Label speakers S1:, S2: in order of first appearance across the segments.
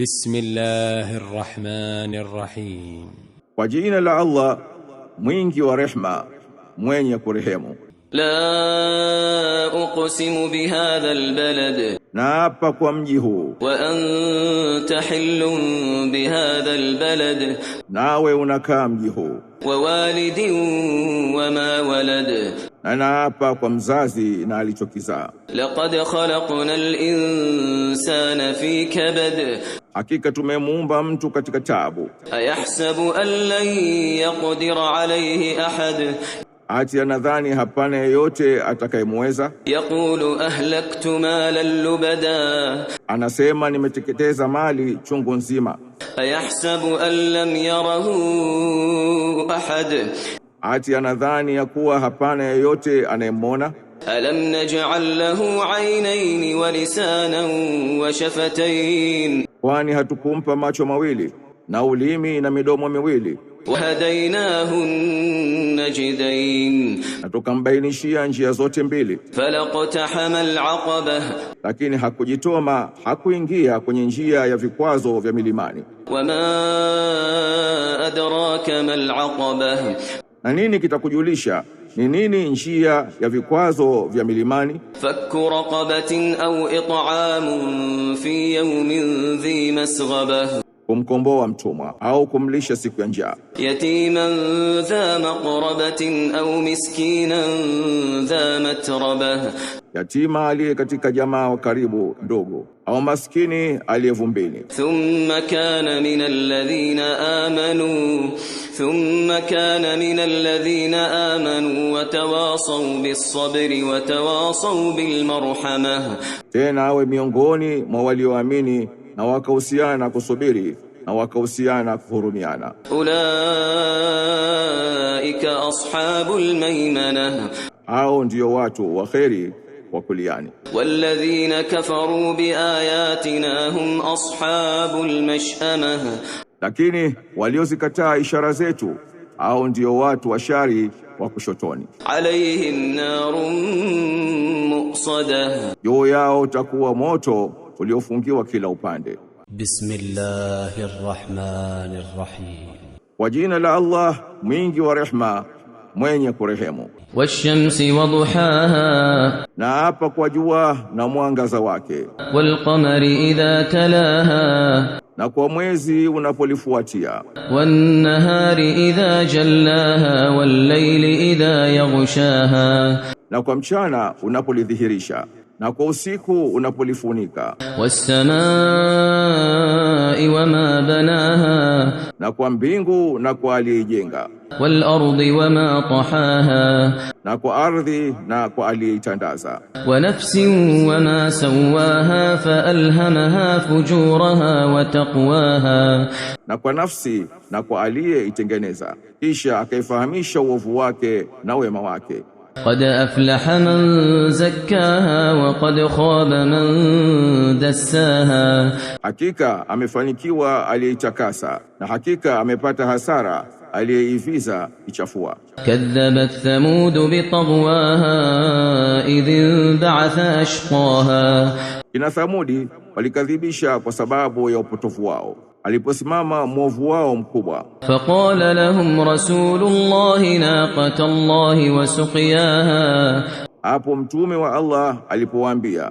S1: بسم الله الرحمن الرحيم
S2: وجئنا لله مينكي ورحمة مين يكرهم
S3: لا أقسم بهذا البلد
S2: نابك ومجه
S3: وأنت حل بهذا البلد
S2: ناوي ونكام جه
S3: ووالد وما ولد
S2: أنا أباك ومزازي نالي
S3: لقد خلقنا الإنسان في كبد
S2: Hakika tumemuumba mtu katika tabu.
S3: Ayahsabu an lan yaqdir alayhi ahad,
S2: ati anadhani hapana yeyote atakayemweza.
S3: Yaqulu ahlaktu malan lubada,
S2: anasema nimeteketeza mali chungu nzima.
S3: Ayahsabu an lam yarahu ahad,
S2: ati anadhani ya kuwa hapana yeyote anayemwona.
S3: ألم naj'al lahu 'aynayn wa lisanan wa shafatayn,
S2: kwani hatukumpa macho mawili na ulimi na midomo miwili.
S3: Wahadainahu najdain,
S2: na tukambainishia njia zote mbili.
S3: Falaqtahama alaqaba,
S2: lakini hakujitoma hakuingia kwenye njia ya vikwazo vya milimani.
S3: Wama adraka malaqaba,
S2: na nini kitakujulisha ni nini njia ya vikwazo vya milimani?
S3: Fakku raqabatin au it'amun fi yawmin dhi masghaba,
S2: kumkomboa mtumwa au kumlisha siku ya njaa.
S3: Yatiman dha maqrabatin au miskinan dha matraba,
S2: yatima aliye katika jamaa wa karibu ndugu au maskini aliyevumbini.
S3: Thumma kana min alladhina amanu thumma kana min alladhina amanu watawasaw bis-sabri watawasaw bil-marhamah,
S2: tena awe miongoni mwa walioamini na wakahusiana kusubiri na wakahusiana kuhurumiana.
S3: Ulaika ashabul maimana,
S2: hao ndio watu wa kheri kwa kuliani.
S3: walladhina kafaru biayatina hum ashabul mash'amah,
S2: lakini waliozikataa ishara zetu au ndio watu washari wa kushotoni.
S3: alaihim narun muqsada,
S2: juu yao utakuwa moto uliofungiwa kila upande.
S1: Bismillahir rahmanir rahim,
S2: kwa jina la Allah mwingi wa rehma mwenye kurehemu.
S3: Washamsi waduhaha,
S2: na hapa kwa jua na mwangaza wake.
S3: Walqamari idha talaha,
S2: na kwa mwezi unapolifuatia.
S3: Wannahari idha jallaha, wallayli idha yaghshaha,
S2: na kwa mchana unapolidhihirisha na kwa usiku unapolifunika,
S3: wassamai wama banaha,
S2: na kwa mbingu na kwa aliyeijenga,
S3: wal ardi wama tahaha,
S2: na kwa ardhi na kwa aliyeitandaza,
S3: wa nafsin wama sawaha fa alhamaha fujuraha wa taqwaha,
S2: na kwa nafsi na kwa aliyeitengeneza, kisha akaifahamisha uovu wake na wema wake
S3: قد أفلح من زكاها وقد khaba man dassaha,
S2: hakika amefanikiwa aliyeitakasa na hakika amepata hasara aliyeiviza ichafua.
S3: Kadhabat Thamud bitagwaha idh ba'atha ashqaha,
S2: kina Thamudi walikadhibisha kwa sababu ya upotovu wao aliposimama mwovu wao mkubwa.
S3: faqala lahum rasulullahi naqata llahi wa suqiyaha,
S2: hapo mtume wa Allah alipowaambia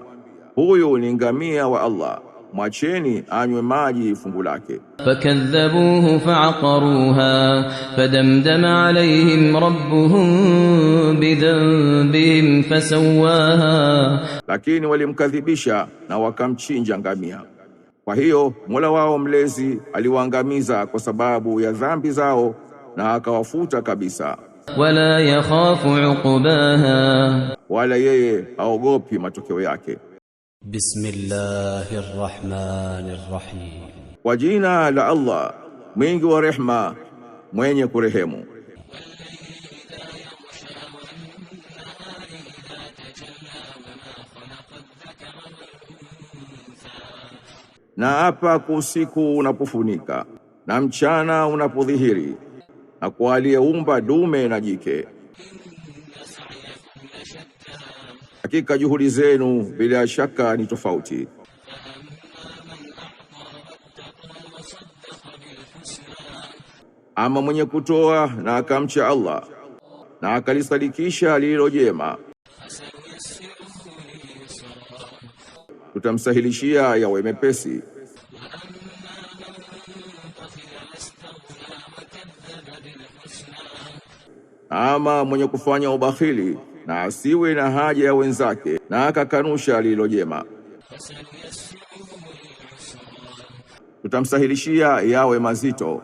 S2: huyu ni ngamia wa Allah, mwacheni anywe maji fungu lake.
S3: fakadhabuhu faaqaruha fadamdama alayhim rabbuhum bidhanbihim fasawaha,
S2: lakini walimkadhibisha na wakamchinja ngamia kwa hiyo Mola wao mlezi aliwaangamiza kwa sababu ya dhambi zao na akawafuta kabisa.
S3: Wala yakhafu uqbaha,
S2: wala yeye haogopi matokeo yake.
S1: Bismillahir Rahmanir Rahim,
S2: kwa jina la Allah mwingi wa rehma mwenye kurehemu. na hapa usiku unapofunika na mchana unapodhihiri na kwa aliyeumba dume na jike. Hakika juhudi zenu bila shaka ni tofauti. Ama mwenye kutoa na akamcha Allah na akalisadikisha lililo jema tutamsahilishia yawe mepesi. Ama mwenye kufanya ubakhili na asiwe na haja ya wenzake na akakanusha lililojema, tutamsahilishia yawe mazito.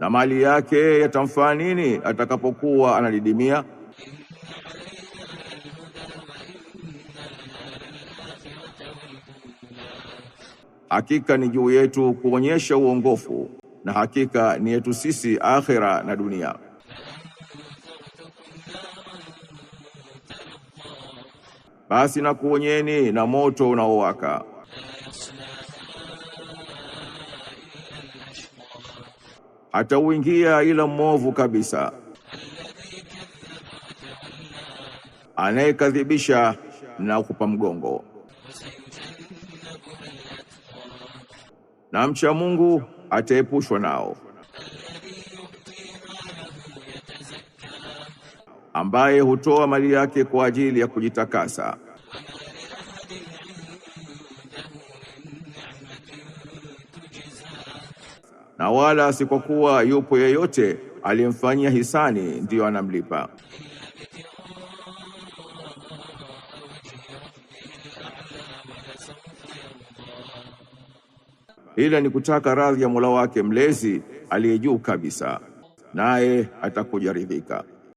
S2: na mali yake yatamfaa nini atakapokuwa analidimia? Hakika ni juu yetu kuonyesha uongofu na hakika ni yetu sisi akhira na dunia. Basi na kuonyeni na moto unaowaka atauingia ila mwovu kabisa. Anayekadhibisha na kupa mgongo. Na mcha Mungu ataepushwa nao. Ambaye hutoa mali yake kwa ajili ya kujitakasa. na wala si kwa kuwa yupo yeyote aliyemfanyia hisani ndiyo anamlipa. Ila ni kutaka radhi ya Mola wake mlezi aliye juu kabisa, naye atakujaridhika.